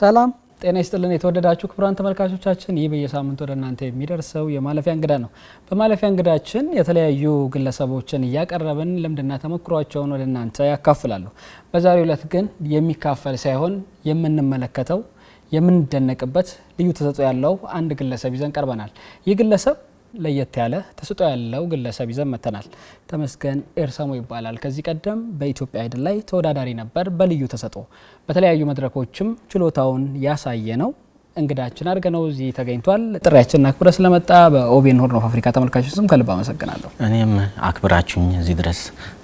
ሰላም ጤና ይስጥልን የተወደዳችሁ ክቡራን ተመልካቾቻችን፣ ይህ በየሳምንቱ ወደ እናንተ የሚደርሰው የማለፊያ እንግዳ ነው። በማለፊያ እንግዳችን የተለያዩ ግለሰቦችን እያቀረብን ልምድና ተሞክሯቸውን ወደ እናንተ ያካፍላሉ። በዛሬው ዕለት ግን የሚካፈል ሳይሆን የምንመለከተው የምንደነቅበት ልዩ ተሰጥኦ ያለው አንድ ግለሰብ ይዘን ቀርበናል። ይህ ግለሰብ ለየት ያለ ተሰጥኦ ያለው ግለሰብ ይዘን መጥተናል። ተመስገን ኤርሳሞ ይባላል። ከዚህ ቀደም በኢትዮጵያ አይድል ላይ ተወዳዳሪ ነበር። በልዩ ተሰጦ በተለያዩ መድረኮችም ችሎታውን ያሳየ ነው። እንግዳችን ነው እዚህ ተገኝቷል። ጥሪያችንን አክብረ ስለመጣ በኦቤን ሆርን ኦፍ አፍሪካ ተመልካቾች ስም ከልብ አመሰግናለሁ። እኔም አክብራችሁኝ እዚህ ድረስ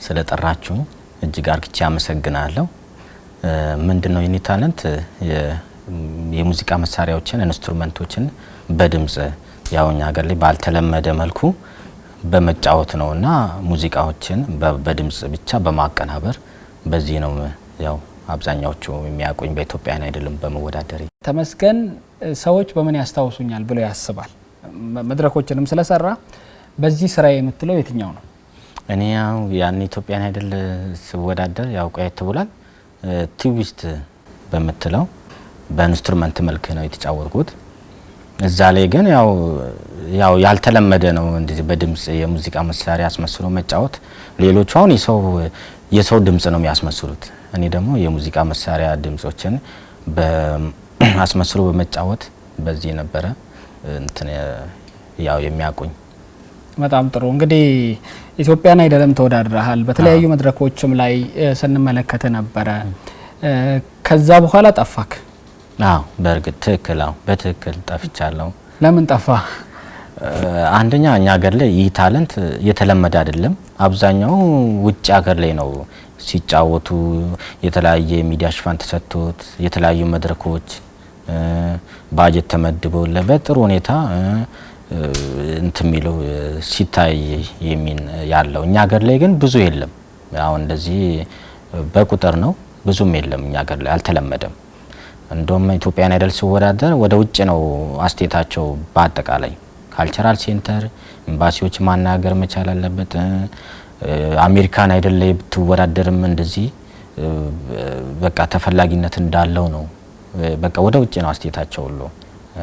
ስለጠራችሁኝ እጅግ አርግቼ አመሰግናለሁ። ምንድን ነው የኔ ታለንት የሙዚቃ መሳሪያዎችን ኢንስትሩመንቶችን በድምጽ ያው እኛ ሀገር ላይ ባልተለመደ መልኩ በመጫወት ነውና ሙዚቃዎችን በድምጽ ብቻ በማቀናበር በዚህ ነው ያው አብዛኛዎቹ የሚያውቁኝ በኢትዮጵያን አይደለም በመወዳደር ተመስገን ሰዎች በምን ያስታውሱኛል ብሎ ያስባል። መድረኮችንም ስለሰራ በዚህ ስራ የምትለው የትኛው ነው? እኔ ያው ያን ኢትዮጵያን አይደል ስወዳደር ያው ቆየት ብሏል። ትዊስት በምትለው በኢንስትሩመንት መልክ ነው የተጫወትኩት። እዛ ላይ ግን ያው ያው ያልተለመደ ነው እንደዚህ በድምጽ የሙዚቃ መሳሪያ አስመስሎ መጫወት። ሌሎቹ አሁን የሰው የሰው ድምጽ ነው የሚያስመስሉት። እኔ ደግሞ የሙዚቃ መሳሪያ ድምጾችን አስመስሎ በመጫወት በዚህ ነበረ እንትን ያው የሚያውቁኝ። በጣም ጥሩ እንግዲህ ኢትዮጵያን አይደለም ተወዳድረሃል። በተለያዩ መድረኮችም ላይ ስንመለከት ነበረ። ከዛ በኋላ ጠፋክ። አዎ በእርግጥ ትክክል። አዎ በትክክል ጠፍቻለሁ። ለምን ጠፋ? አንደኛ እኛ ሀገር ላይ ይህ ታለንት የተለመደ አይደለም። አብዛኛው ውጭ ሀገር ላይ ነው ሲጫወቱ፣ የተለያየ ሚዲያ ሽፋን ተሰጥቶት፣ የተለያዩ መድረኮች ባጀት ተመድበውለት በጥሩ ሁኔታ እንት የሚለው ሲታይ የሚን ያለው እኛ ሀገር ላይ ግን ብዙ የለም። አሁን እንደዚህ በቁጥር ነው ብዙም የለም። እኛ ሀገር ላይ አልተለመደም። እንደውም ኢትዮጵያን አይደል ሲወዳደር ወደ ውጭ ነው አስቴታቸው። በአጠቃላይ ካልቸራል ሴንተር ኤምባሲዎች ማናገር መቻል አለበት። አሜሪካን አይደለ ብትወዳደርም እንደዚህ በቃ ተፈላጊነት እንዳለው ነው። በቃ ወደ ውጭ ነው አስቴታቸው ሁሉ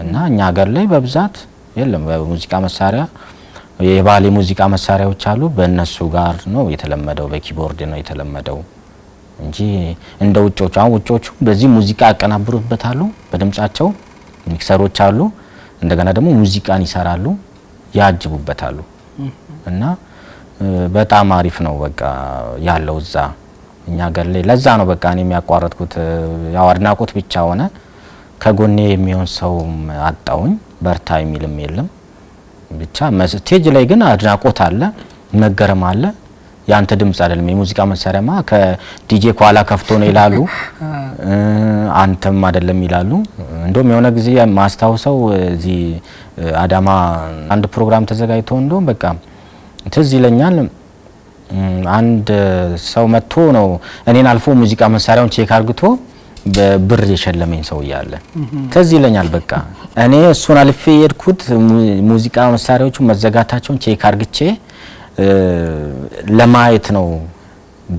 እና እኛ ሀገር ላይ በብዛት የለም። በሙዚቃ መሳሪያ የባህል የሙዚቃ መሳሪያዎች አሉ። በእነሱ ጋር ነው የተለመደው፣ በኪቦርድ ነው የተለመደው። እንጂ እንደ ውጮቹ አሁን ውጮቹ በዚህ ሙዚቃ ያቀናብሩበታሉ በድምጻቸው ሚክሰሮች አሉ። እንደገና ደግሞ ሙዚቃን ይሰራሉ፣ ያጅቡበታሉ እና በጣም አሪፍ ነው በቃ ያለው እዛ እኛ ገር ላይ ለዛ ነው በቃ እኔ የሚያቋረጥኩት ያው አድናቆት ብቻ ሆነ። ከጎኔ የሚሆን ሰው አጣውኝ። በርታ የሚልም የለም ብቻ ስቴጅ ላይ ግን አድናቆት አለ፣ መገረም አለ። ያንተ ድምጽ አይደለም የሙዚቃ መሳሪያማ ከዲጄ ኳላ ከፍቶ ነው ይላሉ። አንተም አይደለም ይላሉ። እንደውም የሆነ ጊዜ ማስታውሰው እዚህ አዳማ አንድ ፕሮግራም ተዘጋጅቶ እንደውም በቃ ትዝ ይለኛል አንድ ሰው መጥቶ ነው እኔን አልፎ ሙዚቃ መሳሪያውን ቼክ አርግቶ ብር የሸለመኝ ሰው እያለ ትዝ ይለኛል። በቃ እኔ እሱን አልፌ የሄድኩት ሙዚቃ መሳሪያዎቹ መዘጋታቸውን ቼክ አርግቼ ለማየት ነው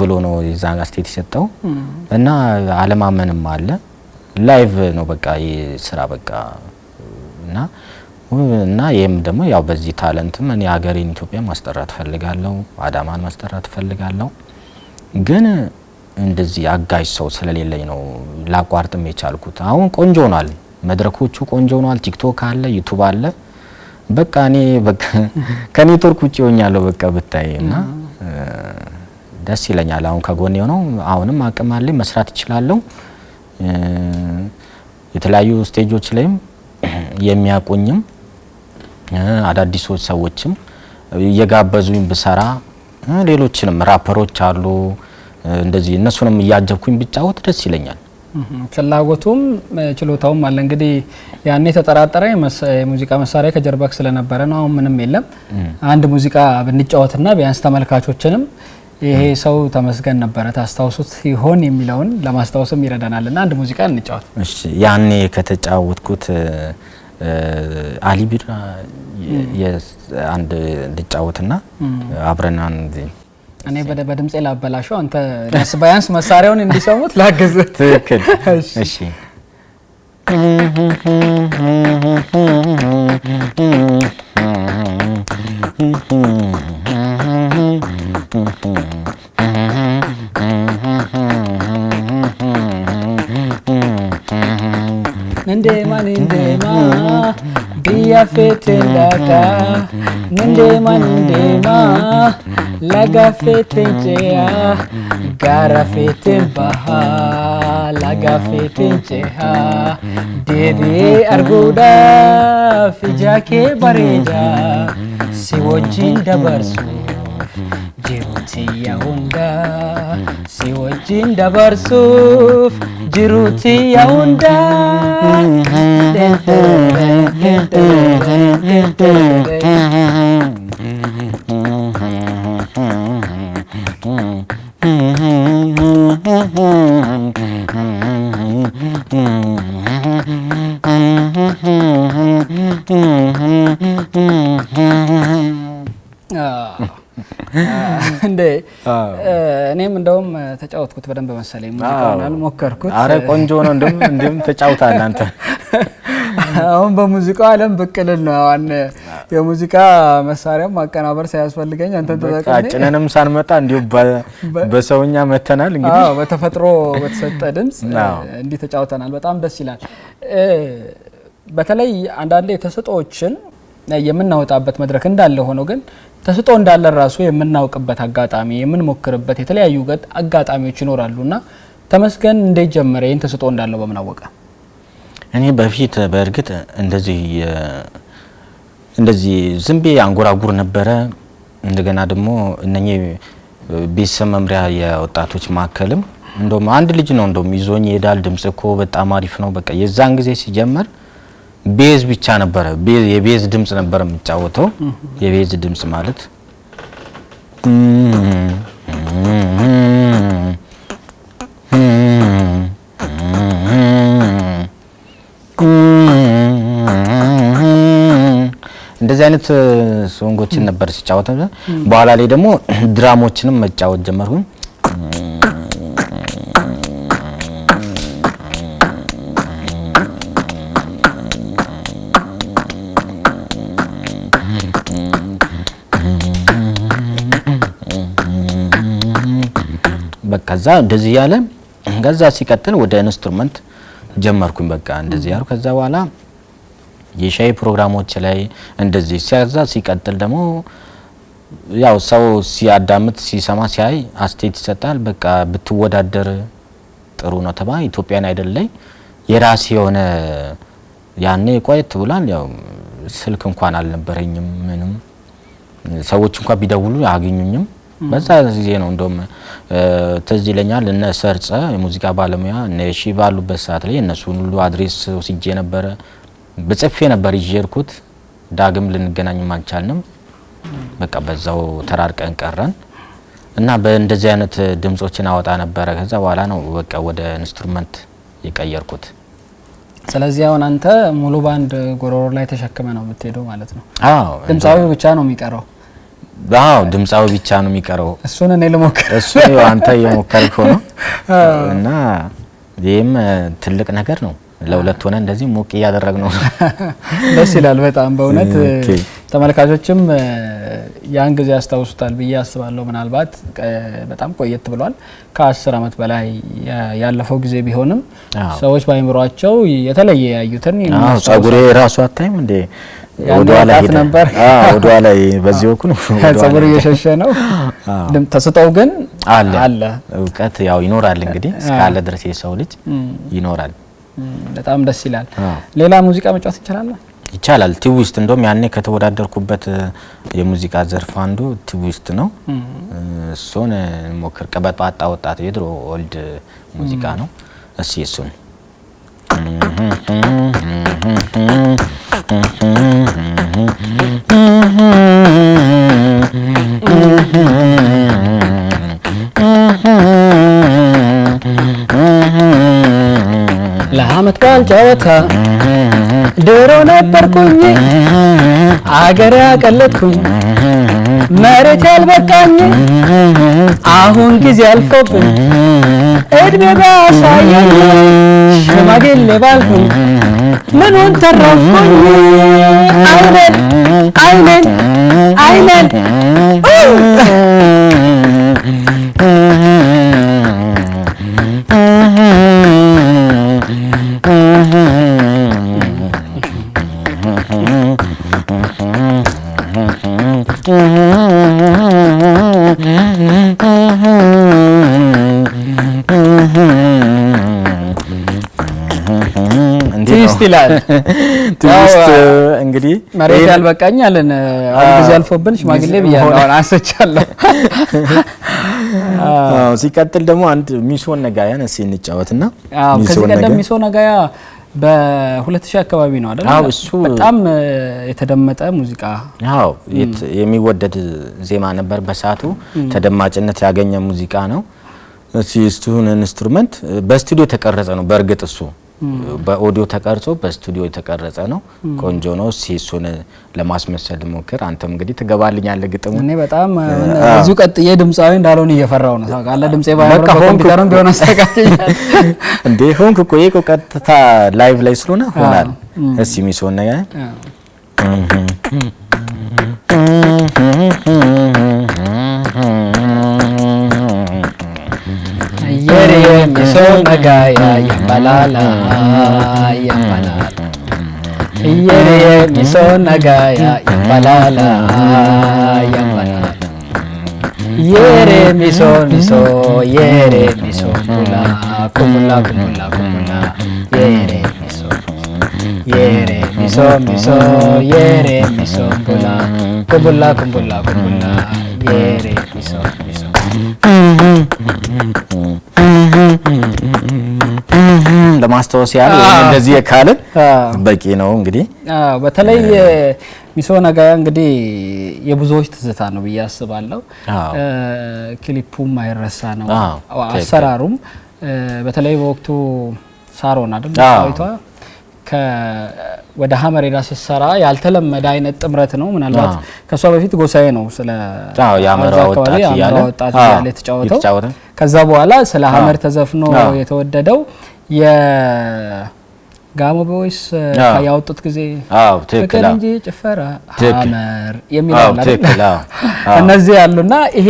ብሎ ነው የዛን አስቴት የሰጠው እና አለማመንም አለ ላይቭ ነው በቃ ስራ በቃ እና እና ይህም ደግሞ ያው በዚህ ታለንትም እኔ ሀገሬን ኢትዮጵያ ማስጠራት ፈልጋለሁ፣ አዳማን ማስጠራት ፈልጋለሁ። ግን እንደዚህ አጋዥ ሰው ስለሌለኝ ነው ላቋርጥም የቻልኩት። አሁን ቆንጆ ሆኗል፣ መድረኮቹ ቆንጆ ሆኗል። ቲክቶክ አለ፣ ዩቱብ አለ። በቃ እኔ በቃ ከኔትወርክ ውጭ ሆኛለሁ በቃ ብታይ እና ደስ ይለኛል። አሁን ከጎን የሆነው አሁንም አቅም አለኝ መስራት እችላለሁ። የተለያዩ ስቴጆች ላይም የሚያቁኝም አዳዲሶች ሰዎችም እየጋበዙኝ ብሰራ ሌሎችንም ራፐሮች አሉ እንደዚህ እነሱንም እያጀብኩኝ ብጫወት ደስ ይለኛል። ፍላጎቱም ችሎታውም አለ። እንግዲህ ያኔ ተጠራጠረ የሙዚቃ መሳሪያ ከጀርባክ ስለነበረ ነው። አሁን ምንም የለም። አንድ ሙዚቃ ብንጫወትና ቢያንስ ተመልካቾችንም ይሄ ሰው ተመስገን ነበረ ታስታውሱት ይሆን የሚለውን ለማስታወስም ይረዳናል። እና አንድ ሙዚቃ እንጫወት። እሺ ያኔ ከተጫወትኩት አሊ ቢራ እንጫወትና አብረናን እኔ በድምፄ ላበላሸው አንተ ባያንስ መሳሪያውን እንዲሰሙት ላግዝ። ትክክል። እሺ እንዴ ማን እንዴ ማ yafetendaaka nindeema nindeema laga fetenceha gaara feten baha laga fetenceha deebi'ee arguudhaaf ijaa kee bareeda si wajjin dabarsuuf jirutiyya hundaa si wajjin dabarsuuf jirutiyya hundaa እንደ እኔም እንደውም ተጫወትኩት በደንብ መሰለኝ ሙዚቃውን አልሞከርኩት። አረ ቆንጆ ነው። እንደውም ተጫውታ እናንተ አሁን በሙዚቃው ዓለም ብቅ ልል ነው። የሙዚቃ መሳሪያም ማቀናበር ሳያስፈልገኝ አንተን ተጠቅሜ ጭነንም ሳንመጣ እንዲሁ በሰውኛ መተናል። እንግዲህ በተፈጥሮ በተሰጠ ድምፅ እንዲህ ተጫውተናል። በጣም ደስ ይላል። በተለይ አንዳንዴ ተሰጦዎችን የምናወጣበት መድረክ እንዳለ ሆኖ ግን ተስጦ እንዳለ ራሱ የምናውቅበት አጋጣሚ የምንሞክርበት የተለያዩ አጋጣሚዎች ይኖራሉ እና ተመስገን እንዴት ጀመረ? ይህን ተስጦ እንዳለው በምን እኔ በፊት በእርግጥ እንደዚህ እንደዚህ ዝም ብዬ አንጎራጉር ነበረ። እንደገና ደግሞ እነኚህ ቤተሰብ መምሪያ የወጣቶች ማዕከልም እንደውም አንድ ልጅ ነው እንደውም ይዞኝ ይሄዳል። ድምጽ እኮ በጣም አሪፍ ነው። በቃ የዛን ጊዜ ሲጀመር ቤዝ ብቻ ነበረ፣ የቤዝ ድምጽ ነበረ የምጫወተው። የቤዝ ድምጽ ማለት እንደዚህ አይነት ሶንጎችን ነበር ሲጫወት። በኋላ ላይ ደግሞ ድራሞችንም መጫወት ጀመርኩኝ። በቃ እንደዚህ ያለ ከዛ ሲቀጥል ወደ ኢንስትሩመንት ጀመርኩኝ። በቃ እንደዚህ ያሉ ከዛ በኋላ የሻይ ፕሮግራሞች ላይ እንደዚህ ሲያዛ ሲቀጥል ደግሞ ያው ሰው ሲያዳምጥ ሲሰማ ሲያይ አስቴት ይሰጣል። በቃ ብትወዳደር ጥሩ ነው ተባ ኢትዮጵያን አይደለኝ የራስ የሆነ ያኔ ቆየት ብሏል። ያው ስልክ እንኳን አልነበረኝም ምንም ሰዎች እንኳን ቢደውሉ አያገኙኝም። በዛ ጊዜ ነው እንደውም ትዝ ይለኛል እነ ሰርጸ የሙዚቃ ባለሙያ እነ ሺ ባሉበት ሰዓት ላይ እነሱን ሁሉ አድሬስ ወስጄ ነበረ። በጽፌ ነበር ይዤ ዳግም ልንገናኝም አልቻልንም። በቃ በዛው ተራርቀን ቀረን እና በእንደዚህ አይነት ድምጾችን አወጣ ነበረ። ከዛ በኋላ ነው በቃ ወደ ኢንስትሩመንት የቀየርኩት። ስለዚህ አሁን አንተ ሙሉ ባንድ ጎሮሮ ላይ ተሸክመ ነው የምትሄደው ማለት ነው? አዎ። ድምጻዊ ብቻ ነው የሚቀረው? አዎ፣ ድምጻዊ ብቻ ነው የሚቀረው። እሱን እኔ ልሞክር። እሱ አንተ የሞከርከው ነው እና ይህም ትልቅ ነገር ነው። ለሁለት ሆነ እንደዚህ ሞቅ እያደረግ ነው። ደስ ይላል በጣም በእውነት ተመልካቾችም ያን ጊዜ ያስታውሱታል ብዬ አስባለሁ። ምናልባት በጣም ቆየት ብሏል ከአስር አመት በላይ ያለፈው ጊዜ ቢሆንም ሰዎች በአይምሯቸው የተለየ ያዩትን ጸጉሬ ራሱ አታይም እንዴ ወደኋላት ነበር ወደ ላይ በዚህ በኩል ጸጉር እየሸሸ ነው። ተስጠው ግን አለ እውቀት ያው ይኖራል እንግዲህ እስካለ ድረስ የሰው ልጅ ይኖራል። በጣም ደስ ይላል። ሌላ ሙዚቃ መጫወት ይቻላል ይቻላል። ውስጥ እንደውም ያኔ ከተወዳደርኩበት የሙዚቃ ዘርፍ አንዱ ውስጥ ነው። እሱን ሞክር። ቀበጣጣ ወጣት የድሮ ኦልድ ሙዚቃ ነው። እሺ እሱን ለአመት ቃል ጨዋታ ድሮ ነበርኩኝ አገር ያቀለጥኩኝ መሬት ያልበቃኝ አሁን ጊዜ አልፎብኝ እድሜ ባሳየኝ ሽማግሌ ባልኩኝ ምኑን ተረፍኩኝ? አይነን አይነን አይነን ትዊስት ይላል። ትዊስት እንግዲህ መሬት ያልበቃኝ አለን። ጊዜ አልፎብን ሽማግሌ ብያለሁ። አሁን ሲቀጥል ደግሞ አንድ ሚሶ ነጋያን እስኪ እንጫወትና ሚሶ ነጋያ በሁለት ሺህ አካባቢ ነው አይደል? አዎ እሱ በጣም የተደመጠ ሙዚቃ አዎ፣ የሚወደድ ዜማ ነበር በሰዓቱ ተደማጭነት ያገኘ ሙዚቃ ነው። እስቲ ስቱን ኢንስትሩመንት በስቱዲዮ የተቀረጸ ነው። በእርግጥ እሱ በኦዲዮ ተቀርጾ በስቱዲዮ የተቀረጸ ነው። ቆንጆ ነው። ሲሱን ለማስመሰል ሞክር። አንተም እንግዲህ ትገባልኛለህ ግጥሙ። እኔ በጣም ብዙ ቀጥዬ ድምፃዊ እንዳልሆን እየፈራው ነው ታውቃለህ። ድምፄ ባይሆን ቢሆን አስተካክል እንዴ ሆንክ እኮ ይሄ ቀጥታ ላይቭ ላይ ስለሆነ ሆናል። እስኪ ሚሶን ነገር Kasong kagaya, yung palala, mm-hmm. yung palala. Iyeriyek, ison agaya, yung palala, yung palala. Yere miso miso, yere miso, kumula, kumula, kumula, kumula, yere miso. Yere miso miso, yere miso, kumula, kumula, kumula, kumula, yere miso miso. Mm-hmm. mm-hmm. mm-hmm. ለማስታወስ ያህል እንደዚህ ካልን በቂ ነው። እንግዲህ በተለይ ሚሶ ነጋያ እንግዲህ የብዙዎች ትዝታ ነው ብዬ አስባለሁ። ክሊፑም አይረሳ ነው፣ አሰራሩም በተለይ በወቅቱ ሳሮን አይደል ሳዊቷ ወደ ሀመር ስትሰራ ያልተለመደ አይነት ጥምረት ነው። ምናልባት ከእሷ በፊት ጎሳዬ ነው ስለ የአማራ ወጣት እያለ የተጫወተው። ከዛ በኋላ ስለ ሀመር ተዘፍኖ የተወደደው የጋሞ ቦይስ ያወጡት ጊዜ ፍቅር እንጂ ጭፈራ ሀመር የሚለው እነዚህ ያሉና ይሄ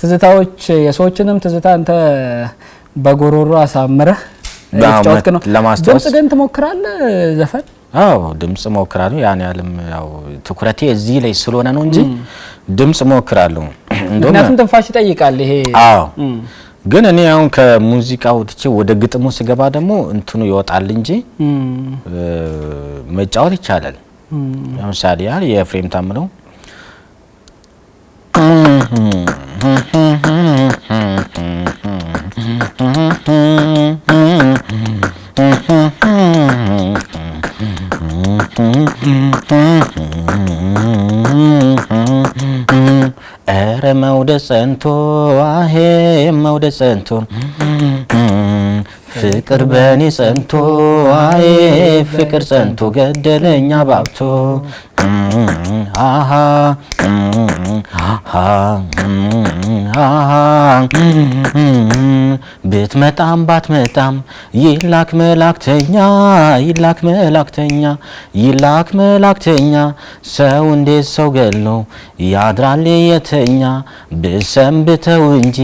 ትዝታዎች የሰዎችንም ትዝታ አንተ በጎሮሮ አሳምረህ ጫወትክ ነው። ድምጽ ግን ትሞክራለህ ዘፈን? አዎ ድምጽ ሞክራለሁ። ያን ያህልም ያው ትኩረቴ እዚህ ላይ ስለሆነ ነው እንጂ ድምጽ ሞክራለሁ። ምክንያቱም ትንፋሽ ይጠይቃል ይሄ። አዎ ግን እኔ አሁን ከሙዚቃው ትቼ ወደ ግጥሙ ስገባ ደግሞ እንትኑ ይወጣል እንጂ መጫወት ይቻላል። ለምሳሌ ያህል የኤፍሬም ታምረው ኧረ መውደድ ጸንቶ አሄ መውደድ ጸንቶ ፍቅር በእኔ ጸንቶ አዬ ፍቅር ጸንቶ ገደለኛ ባብቶ አሃ ብትመጣም ባትመጣም ይላክ መላክተኛ ይላክ መላክተኛ ይላክ መላክተኛ ሰው እንዴት ሰው ገሎ ያድራል የተኛ ብሰንብተው እንጂ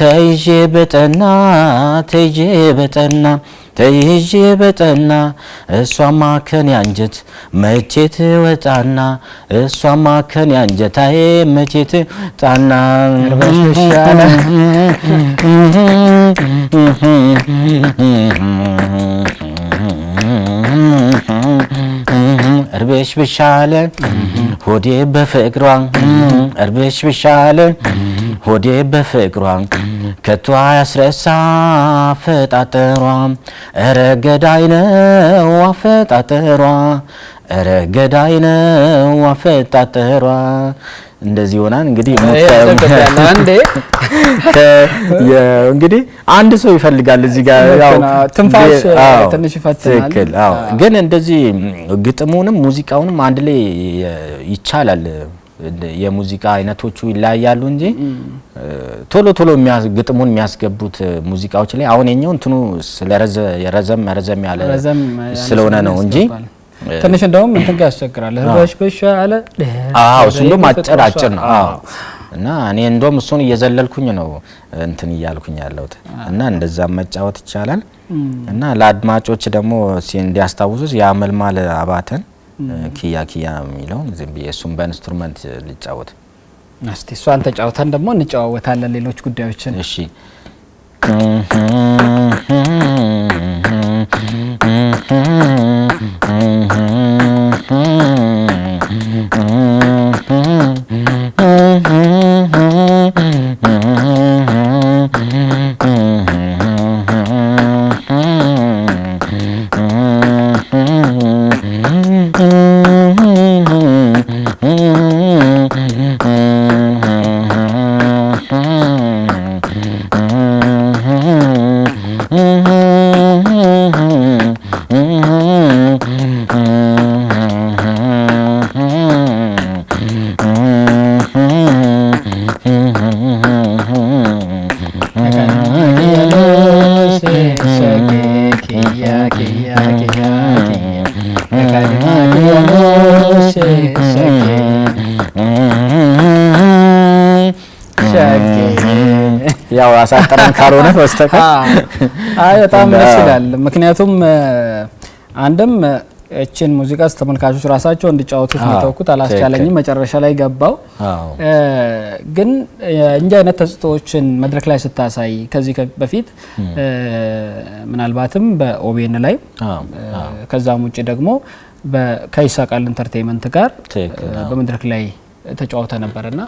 ተይዤ በጠና ተይዤ በጠና ተይዤ በጠና እሷማ ከኔ አንጀት መቼ ትወጣና ማከን ያንጀት አይ መቼ ትጣና እርቤሽ ብሻለ ሆዴ በፍቅሯ እርቤሽ ብሻለ ሆዴ በፍቅሯ ከቷ ያስረሳ አፈጣጠሯ እረ ነው አፈጣጠሯ እረ ነው አፈጣጠሯ። እንደዚህ ይሆናል እንግዲህ። እንግዲህ አንድ ሰው ይፈልጋል እዚህ ጋር ትንፋሽ ትንሽ ይፈትናል። ግን እንደዚህ ግጥሙንም ሙዚቃውንም አንድ ላይ ይቻላል። የሙዚቃ አይነቶቹ ይለያያሉ እንጂ ቶሎ ቶሎ ግጥሙን የሚያስገቡት ሙዚቃዎች ላይ አሁን የኛው እንትኑ ስለረዘም ረዘም ያለ ስለሆነ ነው እንጂ ትንሽ እንደውም እንትን ጋር ያስቸግራል። በሽበሻ አለ እሱ እንደውም አጭር አጭር ነው እና እኔ እንደውም እሱን እየዘለልኩኝ ነው እንትን እያልኩኝ ያለሁት እና እንደዛ መጫወት ይቻላል እና ለአድማጮች ደግሞ እንዲያስታውሱት የአመልማል አባተን ኪያ ኪያ የሚለው ዝም ብዬ እሱም በኢንስትሩመንት ሊጫወት እስቲ እሷን ተጫውተን ደግሞ እንጨዋወታለን ሌሎች ጉዳዮችን እሺ या और आशा करन खारो ने मस्त का አይ በጣም ደስ ይላል። ምክንያቱም አንድም እችን ሙዚቃ ተመልካቾች ራሳቸው እንዲጫወቱት ተውኩት፣ አላስቻለኝም። መጨረሻ ላይ ገባው። ግን እንዲህ አይነት ተጽዕኖዎችን መድረክ ላይ ስታሳይ ከዚህ በፊት ምናልባትም በኦቤን ላይ ከዛም ውጭ ደግሞ ከይሳቃል ኢንተርቴይመንት ጋር በመድረክ ላይ ተጫውተ ነበርና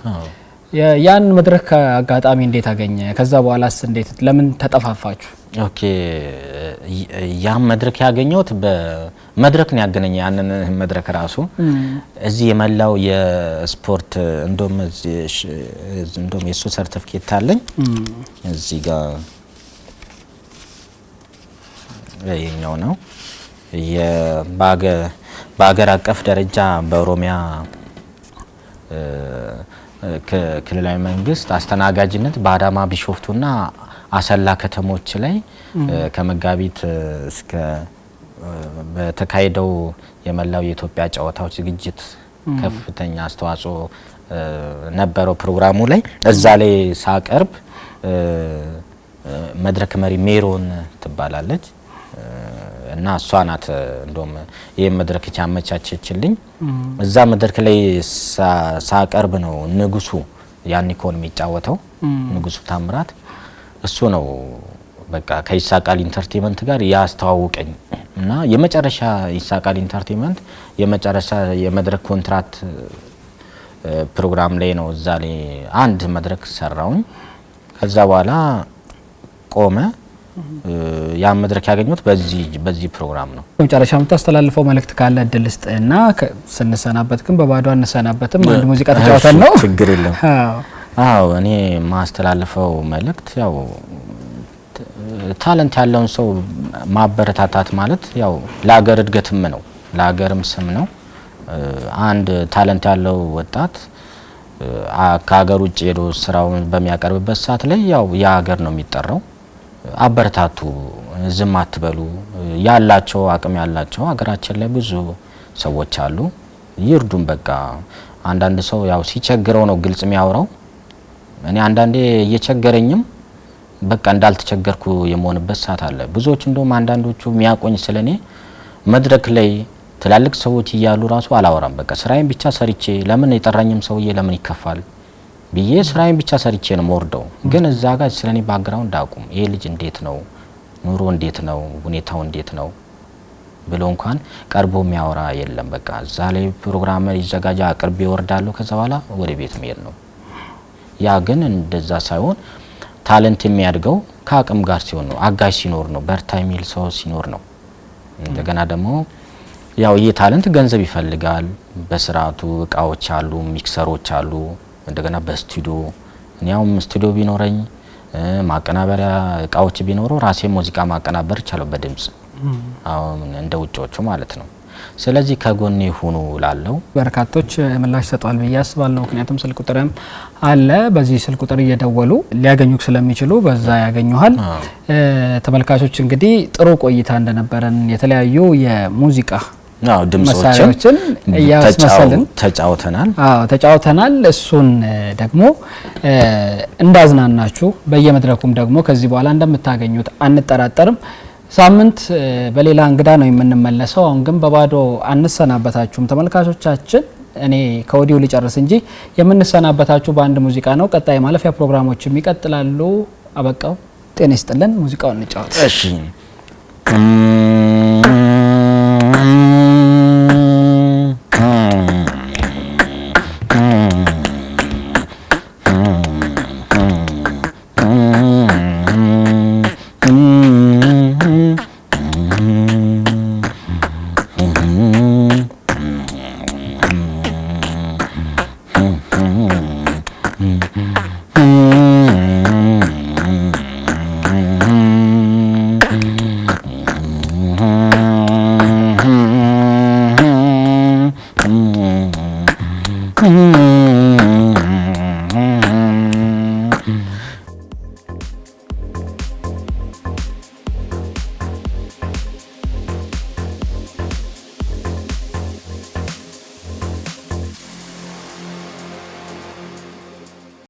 ያን መድረክ አጋጣሚ እንዴት አገኘ? ከዛ በኋላስ እንዴት ለምን ተጠፋፋችሁ? ኦኬ ያን መድረክ ያገኘሁት በመድረክ ነው ያገነኝ። ያንን መድረክ ራሱ እዚህ የመላው የስፖርት እንደውም እንደውም የሱ ሰርቲፊኬት አለኝ እዚህ ጋር የኛው ነው በሀገር አቀፍ ደረጃ በኦሮሚያ ከክልላዊ መንግስት አስተናጋጅነት በአዳማ ቢሾፍቱና አሰላ ከተሞች ላይ ከመጋቢት እስከ በተካሄደው የመላው የኢትዮጵያ ጨዋታዎች ዝግጅት ከፍተኛ አስተዋጽኦ ነበረው ፕሮግራሙ ላይ እዛ ላይ ሳቀርብ መድረክ መሪ ሜሮን ትባላለች። እና እሷ ናት እንደውም ይህን መድረክ ያመቻቸችልኝ። እዛ መድረክ ላይ ሳቀርብ ነው ንጉሱ ያን ኢኮኖሚ የሚጫወተው ንጉሱ ታምራት እሱ ነው በቃ ከይሳቃል ኢንተርቴመንት ጋር ያስተዋውቀኝ እና የመጨረሻ ይሳቃል ኢንተርቴመንት የመጨረሻ የመድረክ ኮንትራት ፕሮግራም ላይ ነው። እዛ ላይ አንድ መድረክ ሰራውኝ። ከዛ በኋላ ቆመ። ያን መድረክ ያገኙት በዚህ ፕሮግራም ነው። መጨረሻ የምታስተላልፈው መልእክት ካለ እድል ስጥ እና ስንሰናበት ግን በባዶ አንሰናበትም። አንድ ሙዚቃ ተጫወተን ነው ችግር የለም። አዎ እኔ ማስተላልፈው መልእክት ያው ታለንት ያለውን ሰው ማበረታታት ማለት ያው ለሀገር እድገትም ነው ለሀገርም ስም ነው። አንድ ታለንት ያለው ወጣት ከሀገር ውጭ ሄዶ ስራውን በሚያቀርብበት ሰዓት ላይ ያው የሀገር ነው የሚጠራው አበረታቱ፣ ዝም አትበሉ። ያላቸው አቅም ያላቸው ሀገራችን ላይ ብዙ ሰዎች አሉ፣ ይርዱም። በቃ አንዳንድ ሰው ያው ሲቸግረው ነው ግልጽ የሚያወራው። እኔ አንዳንዴ እየቸገረኝም በቃ እንዳልተቸገርኩ የመሆንበት ሰዓት አለ። ብዙዎች እንደውም አንዳንዶቹ የሚያቆኝ ስለ እኔ መድረክ ላይ ትላልቅ ሰዎች እያሉ ራሱ አላወራም። በቃ ስራዬን ብቻ ሰርቼ ለምን የጠራኝም ሰውዬ ለምን ይከፋል ብዬ ስራዬን ብቻ ሰርቼ ነው የምወርደው። ግን እዛ ጋር ስለ እኔ ባክግራውንድ አቁም ይሄ ልጅ እንዴት ነው ኑሮ እንዴት ነው ሁኔታው እንዴት ነው ብሎ እንኳን ቀርቦ የሚያወራ የለም። በቃ እዛ ላይ ፕሮግራም ይዘጋጃ ቅርብ ይወርዳለሁ። ከዛ በኋላ ወደ ቤት መሄድ ነው። ያ ግን እንደዛ ሳይሆን ታለንት የሚያድገው ከአቅም ጋር ሲሆን ነው፣ አጋዥ ሲኖር ነው፣ በርታ የሚል ሰው ሲኖር ነው። እንደገና ደግሞ ያው ይህ ታለንት ገንዘብ ይፈልጋል። በስርዓቱ እቃዎች አሉ፣ ሚክሰሮች አሉ እንደገና በስቱዲዮ እኒያውም ስቱዲዮ ቢኖረኝ ማቀናበሪያ እቃዎች ቢኖሩ ራሴ ሙዚቃ ማቀናበር ቻለው በድምጽ አሁን እንደ ውጮቹ ማለት ነው። ስለዚህ ከጎን ይሁኑ ላለው በርካቶች ምላሽ ሰጧል ብዬ አስባለሁ። ምክንያቱም ስልክ ቁጥርም አለ። በዚህ ስልክ ቁጥር እየደወሉ ሊያገኙ ስለሚችሉ በዛ ያገኙሃል። ተመልካቾች እንግዲህ ጥሩ ቆይታ እንደነበረን የተለያዩ የሙዚቃ መሳሪያዎችን እያስመሰልን ተጫውተናል። ተጫውተናል። እሱን ደግሞ እንዳዝናናችሁ በየመድረኩም ደግሞ ከዚህ በኋላ እንደምታገኙት አንጠራጠርም። ሳምንት በሌላ እንግዳ ነው የምንመለሰው። አሁን ግን በባዶ አንሰናበታችሁም ተመልካቾቻችን። እኔ ከወዲሁ ልጨርስ እንጂ የምንሰናበታችሁ በአንድ ሙዚቃ ነው። ቀጣይ ማለፊያ ፕሮግራሞችም ይቀጥላሉ። አበቃው። ጤና ይስጥልን። ሙዚቃውን እንጫወት። እሺ